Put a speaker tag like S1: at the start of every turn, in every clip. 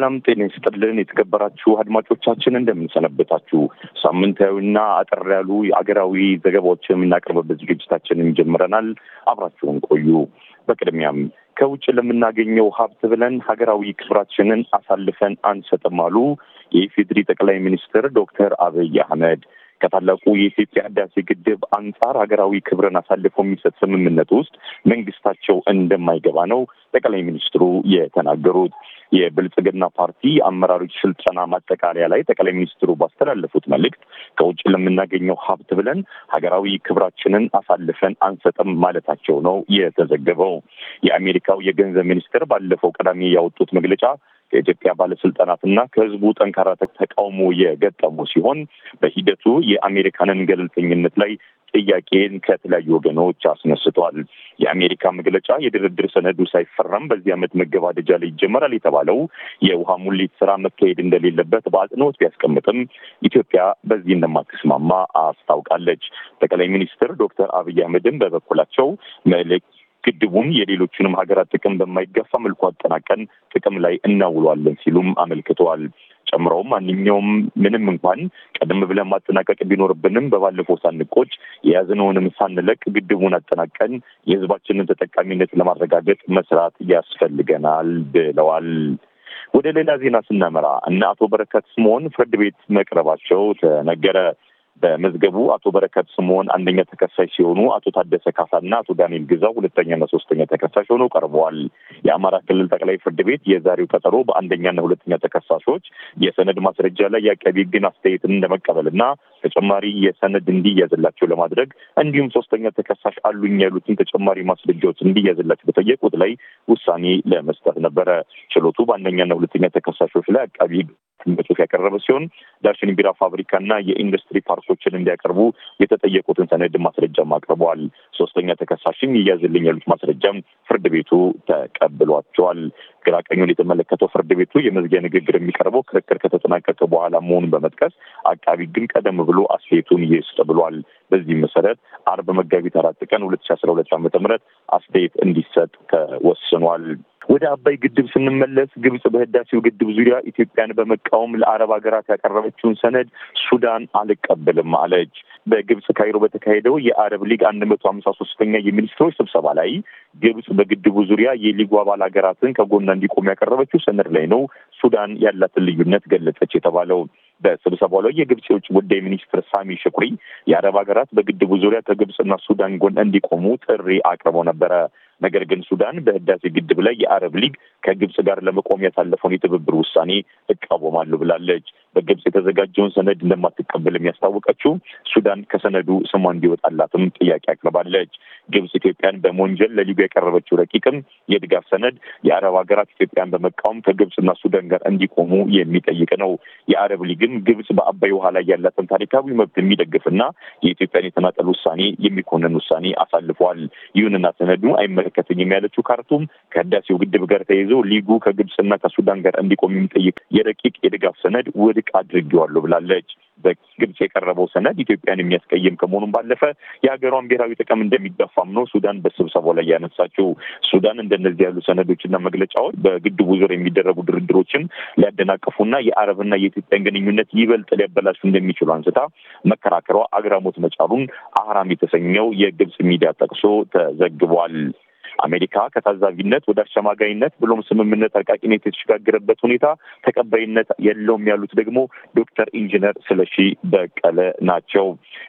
S1: ሰላም ጤና ይስጥልን። የተከበራችሁ አድማጮቻችን እንደምንሰነበታችሁ። ሳምንታዊና አጠር ያሉ የአገራዊ ዘገባዎችን የምናቀርብበት ዝግጅታችንን ጀምረናል። አብራችሁን ቆዩ። በቅድሚያም ከውጭ ለምናገኘው ሀብት ብለን ሀገራዊ ክብራችንን አሳልፈን አንሰጥም አሉ የኢፌድሪ ጠቅላይ ሚኒስትር ዶክተር አብይ አህመድ። ከታላቁ የኢትዮጵያ ህዳሴ ግድብ አንጻር ሀገራዊ ክብርን አሳልፎ የሚሰጥ ስምምነት ውስጥ መንግስታቸው እንደማይገባ ነው ጠቅላይ ሚኒስትሩ የተናገሩት። የብልጽግና ፓርቲ አመራሮች ስልጠና ማጠቃለያ ላይ ጠቅላይ ሚኒስትሩ ባስተላለፉት መልእክት ከውጭ ለምናገኘው ሀብት ብለን ሀገራዊ ክብራችንን አሳልፈን አንሰጥም ማለታቸው ነው የተዘገበው። የአሜሪካው የገንዘብ ሚኒስትር ባለፈው ቅዳሜ ያወጡት መግለጫ ከኢትዮጵያ ባለስልጣናትና ከህዝቡ ጠንካራ ተቃውሞ የገጠሙ ሲሆን በሂደቱ የአሜሪካንን ገለልተኝነት ላይ ጥያቄን ከተለያዩ ወገኖች አስነስቷል። የአሜሪካ መግለጫ የድርድር ሰነዱ ሳይፈረም በዚህ ዓመት መገባደጃ ላይ ይጀመራል የተባለው የውሃ ሙሌት ስራ መካሄድ እንደሌለበት በአጽንኦት ቢያስቀምጥም ኢትዮጵያ በዚህ እንደማትስማማ አስታውቃለች። ጠቅላይ ሚኒስትር ዶክተር አብይ አህመድም በበኩላቸው መልእክት ግድቡን የሌሎቹንም ሀገራት ጥቅም በማይገፋ መልኩ አጠናቀን ጥቅም ላይ እናውሏለን ሲሉም አመልክተዋል። ጨምሮ ማንኛውም ምንም እንኳን ቀደም ብለን ማጠናቀቅ ቢኖርብንም በባለፈው ሳንቆጭ የያዝነውንም ሳንለቅ ግድቡን አጠናቀን የህዝባችንን ተጠቃሚነት ለማረጋገጥ መስራት ያስፈልገናል ብለዋል። ወደ ሌላ ዜና ስናመራ እነ አቶ በረከት ስምኦን ፍርድ ቤት መቅረባቸው ተነገረ። በመዝገቡ አቶ በረከት ስምዖን አንደኛ ተከሳሽ ሲሆኑ አቶ ታደሰ ካሳና አቶ ዳንኤል ግዛው ሁለተኛና ሶስተኛ ተከሳሽ ሆነው ቀርበዋል። የአማራ ክልል ጠቅላይ ፍርድ ቤት የዛሬው ቀጠሮ በአንደኛና ሁለተኛ ተከሳሾች የሰነድ ማስረጃ ላይ የአቃቤ ሕግን አስተያየትን ለመቀበልና ተጨማሪ የሰነድ እንዲያዝላቸው ለማድረግ እንዲሁም ሶስተኛ ተከሳሽ አሉኝ ያሉትን ተጨማሪ ማስረጃዎች እንዲያዝላቸው በጠየቁት ላይ ውሳኔ ለመስጠት ነበረ። ችሎቱ በአንደኛና ሁለተኛ ተከሳሾች ላይ አቃቢ በጽሁፍ ያቀረበ ሲሆን ዳሽን ቢራ ፋብሪካና የኢንዱስትሪ ፓርኮችን እንዲያቀርቡ የተጠየቁትን ሰነድ ማስረጃም አቅርበዋል። ሶስተኛ ተከሳሽም ይያዝልኝ ያሉት ማስረጃም ፍርድ ቤቱ ተቀብሏቸዋል። ግራቀኙን የተመለከተው ፍርድ ቤቱ የመዝጊያ ንግግር የሚቀርበው ክርክር ከተጠናቀቀ በኋላ መሆኑን በመጥቀስ አቃቢ ግን ቀደም ብሎ አስተያየቱን ይስጥ ብሏል። በዚህም መሰረት አርብ መጋቢት አራት ቀን ሁለት ሺ አስራ ሁለት ዓመተ ምህረት አስተያየት እንዲሰጥ ተወስኗል። ወደ አባይ ግድብ ስንመለስ ግብጽ በህዳሴው ግድብ ዙሪያ ኢትዮጵያን በመቃወም ለአረብ ሀገራት ያቀረበችውን ሰነድ ሱዳን አልቀበልም አለች። በግብጽ ካይሮ በተካሄደው የአረብ ሊግ አንድ መቶ ሀምሳ ሶስተኛ የሚኒስትሮች ስብሰባ ላይ ግብጽ በግድቡ ዙሪያ የሊጉ አባል ሀገራትን ከጎና እንዲቆሙ ያቀረበችው ሰነድ ላይ ነው ሱዳን ያላትን ልዩነት ገለጸች የተባለው። በስብሰባው ላይ የግብጽ የውጭ ጉዳይ ሚኒስትር ሳሚ ሽኩሪ የአረብ ሀገራት በግድቡ ዙሪያ ከግብጽና ሱዳን ጎን እንዲቆሙ ጥሪ አቅርበው ነበረ። ነገር ግን ሱዳን በህዳሴ ግድብ ላይ የአረብ ሊግ ከግብፅ ጋር ለመቆም ያሳለፈውን የትብብር ውሳኔ እቃወማለሁ ብላለች። በግብፅ የተዘጋጀውን ሰነድ እንደማትቀበልም ያስታወቀችው ሱዳን ከሰነዱ ስሟ እንዲወጣላትም ጥያቄ አቅርባለች። ግብፅ ኢትዮጵያን በመወንጀል ለሊጉ ያቀረበችው ረቂቅም የድጋፍ ሰነድ የአረብ ሀገራት ኢትዮጵያን በመቃወም ከግብፅና ሱዳን ጋር እንዲቆሙ የሚጠይቅ ነው። የአረብ ሊግም ግብፅ በአባይ ውሃ ላይ ያላትን ታሪካዊ መብት የሚደግፍና የኢትዮጵያን የተናጠል ውሳኔ የሚኮንን ውሳኔ አሳልፏል። ይሁንና ሰነዱ አይመ አይመለከተኝም ያለችው ካርቱም ከህዳሴው ግድብ ጋር ተይዞ ሊጉ ከግብፅና ከሱዳን ጋር እንዲቆም የሚጠይቅ የረቂቅ የድጋፍ ሰነድ ውድቅ አድርጌዋለሁ ብላለች። በግብፅ የቀረበው ሰነድ ኢትዮጵያን የሚያስቀይም ከመሆኑም ባለፈ የሀገሯን ብሔራዊ ጥቅም እንደሚጋፋም ነው ሱዳን በስብሰባው ላይ ያነሳችው። ሱዳን እንደነዚህ ያሉ ሰነዶችና መግለጫዎች በግድቡ ዙር የሚደረጉ ድርድሮችን ሊያደናቅፉና የአረብና የኢትዮጵያን ግንኙነት ይበልጥ ሊያበላሹ እንደሚችሉ አንስታ መከራከሯ አግራሞት መጫሩን አህራም የተሰኘው የግብፅ ሚዲያ ጠቅሶ ተዘግቧል። አሜሪካ ከታዛቢነት ወደ አሸማጋይነት ብሎም ስምምነት አርቃቂነት የተሸጋገረበት ሁኔታ ተቀባይነት የለውም ያሉት ደግሞ ዶክተር ኢንጂነር ስለሺ በቀለ ናቸው።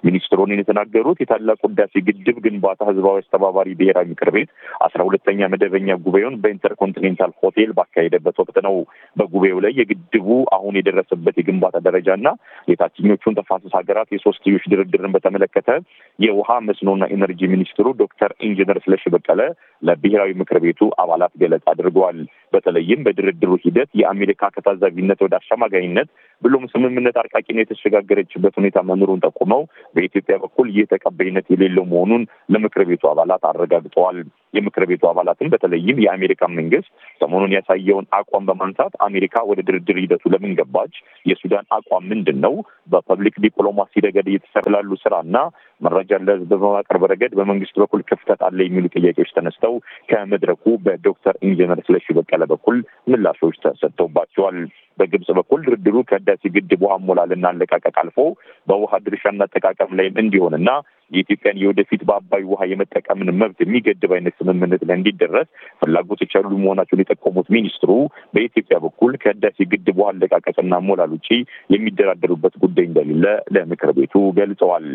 S1: ሚኒስትሩን የተናገሩት የታላቁ ህዳሴ ግድብ ግንባታ ህዝባዊ አስተባባሪ ብሔራዊ ምክር ቤት አስራ ሁለተኛ መደበኛ ጉባኤውን በኢንተርኮንቲኔንታል ሆቴል ባካሄደበት ወቅት ነው። በጉባኤው ላይ የግድቡ አሁን የደረሰበት የግንባታ ደረጃ እና የታችኞቹን ተፋሰስ ሀገራት የሶስትዮሽ ድርድርን በተመለከተ የውሃ መስኖና ኢነርጂ ሚኒስትሩ ዶክተር ኢንጂነር ስለሺ በቀለ ለብሔራዊ ምክር ቤቱ አባላት ገለጻ አድርገዋል። በተለይም በድርድሩ ሂደት የአሜሪካ ከታዛቢነት ወደ አሸማጋይነት ብሎም ስምምነት አርቃቂነት የተሸጋገረችበት ሁኔታ መኖሩን ጠቁመው በኢትዮጵያ በኩል ይህ ተቀባይነት የሌለው መሆኑን ለምክር ቤቱ አባላት አረጋግጠዋል። የምክር ቤቱ አባላትም በተለይም የአሜሪካ መንግስት ሰሞኑን ያሳየውን አቋም በማንሳት አሜሪካ ወደ ድርድር ሂደቱ ለምን ገባች? የሱዳን አቋም ምንድን ነው? በፐብሊክ ዲፕሎማሲ ረገድ እየተሰላሉ ስራና መረጃ ለህዝብ በማቅረብ ረገድ በመንግስት በኩል ክፍተት አለ የሚሉ ጥያቄዎች ተነስተው ከመድረኩ በዶክተር ኢንጂነር ስለሺ በቀለ በቀጠለ በኩል ምላሾች ተሰጥቶባቸዋል። በግብጽ በኩል ድርድሩ ከህዳሴ ግድብ ውሃ ሞላልና አለቃቀቅ አልፎ በውሃ ድርሻና አጠቃቀም ላይም እንዲሆንና የኢትዮጵያን የወደፊት በአባይ ውሃ የመጠቀምን መብት የሚገድብ አይነት ስምምነት ላይ እንዲደረስ ፍላጎት ያሉ መሆናቸውን የጠቆሙት ሚኒስትሩ በኢትዮጵያ በኩል ከህዳሴ ግድብ ውሃ አለቃቀቅና ሞላል ውጪ የሚደራደሩበት ጉዳይ እንደሌለ ለምክር ቤቱ ገልጸዋል።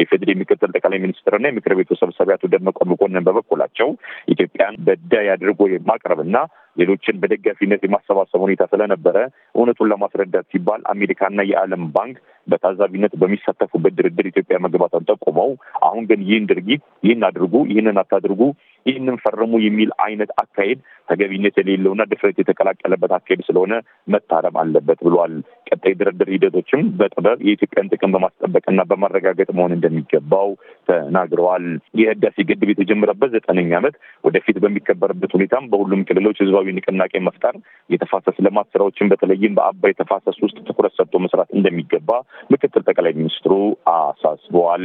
S1: የፌዴሬ ምክትል ጠቅላይ ሚኒስትርና የምክር ቤቱ ሰብሳቢ አቶ ደመቀ መኮንን በበኩላቸው ኢትዮጵያን በዳይ አድርጎ የማቅረብና ሌሎችን በደጋፊነት የማሰባሰብ ሁኔታ ስለነበረ እውነቱን ለማስረዳት ሲባል አሜሪካና የዓለም ባንክ በታዛቢነት በሚሳተፉበት ድርድር ኢትዮጵያ መግባቷን ጠቁመው፣ አሁን ግን ይህን ድርጊት ይህን አድርጉ፣ ይህንን አታድርጉ፣ ይህንን ፈርሙ የሚል አይነት አካሄድ ተገቢነት የሌለውና ድፍረት የተቀላቀለበት አካሄድ ስለሆነ መታረም አለበት ብሏል። ቀጣይ ድርድር ሂደቶችም በጥበብ የኢትዮጵያን ጥቅም በማስጠበቅና በማረጋገጥ መሆን እንደሚገባው ተናግረዋል። የህዳሴ ግድብ የተጀመረበት ዘጠነኛ ዓመት ወደፊት በሚከበርበት ሁኔታም በሁሉም ክልሎች ህዝባ አካባቢ ንቅናቄ መፍጠር፣ የተፋሰስ ልማት ስራዎችን በተለይም በአባይ ተፋሰስ ውስጥ ትኩረት ሰጥቶ መስራት እንደሚገባ ምክትል ጠቅላይ ሚኒስትሩ አሳስበዋል።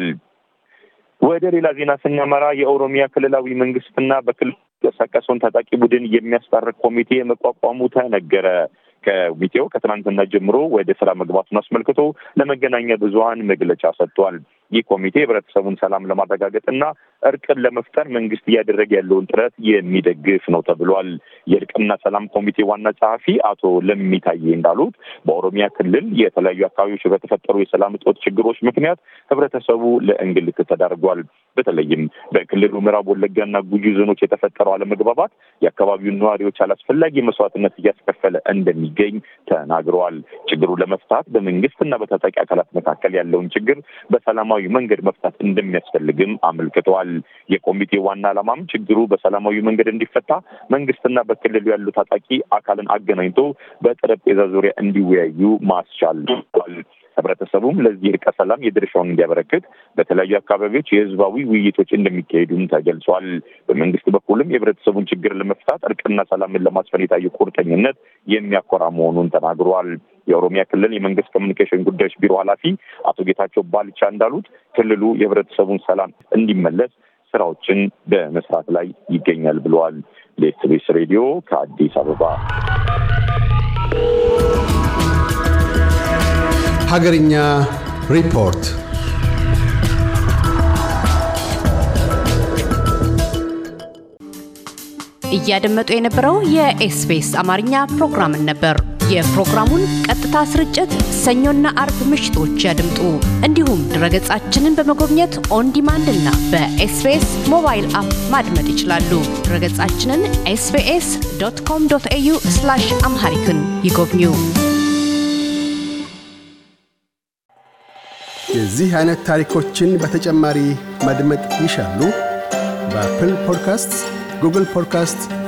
S1: ወደ ሌላ ዜና ስናመራ የኦሮሚያ ክልላዊ መንግስትና በክልል የሚንቀሳቀሰውን ታጣቂ ቡድን የሚያስታርቅ ኮሚቴ መቋቋሙ ተነገረ። ከኮሚቴው ከትናንትና ጀምሮ ወደ ስራ መግባቱን አስመልክቶ ለመገናኛ ብዙኃን መግለጫ ሰጥቷል። ይህ ኮሚቴ ህብረተሰቡን ሰላም ለማረጋገጥ እና እርቅን ለመፍጠር መንግስት እያደረገ ያለውን ጥረት የሚደግፍ ነው ተብሏል። የእርቅና ሰላም ኮሚቴ ዋና ጸሐፊ አቶ ለሚታዬ እንዳሉት በኦሮሚያ ክልል የተለያዩ አካባቢዎች በተፈጠሩ የሰላም እጦት ችግሮች ምክንያት ህብረተሰቡ ለእንግልት ተዳርጓል። በተለይም በክልሉ ምዕራብ ወለጋና ጉጂ ዞኖች የተፈጠረው አለመግባባት የአካባቢውን ነዋሪዎች አላስፈላጊ መስዋዕትነት እያስከፈለ እንደሚገኝ ተናግረዋል። ችግሩ ለመፍታት በመንግስትና በታጣቂ አካላት መካከል ያለውን ችግር በሰላማ በሰላማዊ መንገድ መፍታት እንደሚያስፈልግም አመልክተዋል። የኮሚቴ ዋና ዓላማም ችግሩ በሰላማዊ መንገድ እንዲፈታ መንግስትና በክልሉ ያሉ ታጣቂ አካልን አገናኝቶ በጠረጴዛ ዙሪያ እንዲወያዩ ማስቻል ል። ህብረተሰቡም ለዚህ እርቀ ሰላም የድርሻውን እንዲያበረክት በተለያዩ አካባቢዎች የህዝባዊ ውይይቶች እንደሚካሄዱም ተገልጿል። በመንግስት በኩልም የህብረተሰቡን ችግር ለመፍታት እርቅና ሰላምን ለማስፈን የታየ ቁርጠኝነት የሚያኮራ መሆኑን ተናግሯል። የኦሮሚያ ክልል የመንግስት ኮሚኒኬሽን ጉዳዮች ቢሮ ኃላፊ አቶ ጌታቸው ባልቻ እንዳሉት ክልሉ የህብረተሰቡን ሰላም እንዲመለስ ስራዎችን በመስራት ላይ ይገኛል ብለዋል። ለኤስቢኤስ ሬዲዮ ከአዲስ አበባ ሀገርኛ ሪፖርት እያደመጡ የነበረው የኤስቢኤስ አማርኛ ፕሮግራምን ነበር። የፕሮግራሙን ቀጥታ ስርጭት ሰኞና አርብ ምሽቶች ያድምጡ። እንዲሁም ድረገጻችንን በመጎብኘት ኦን ዲማንድ እና በኤስቢኤስ ሞባይል አፕ ማድመጥ ይችላሉ። ድረገጻችንን ኤስቢኤስ ዶት ኮም ዶት ኤዩ አምሃሪክን ይጎብኙ። የዚህ አይነት ታሪኮችን በተጨማሪ ማድመጥ ይሻሉ? በአፕል ፖድካስት፣ ጉግል ፖድካስት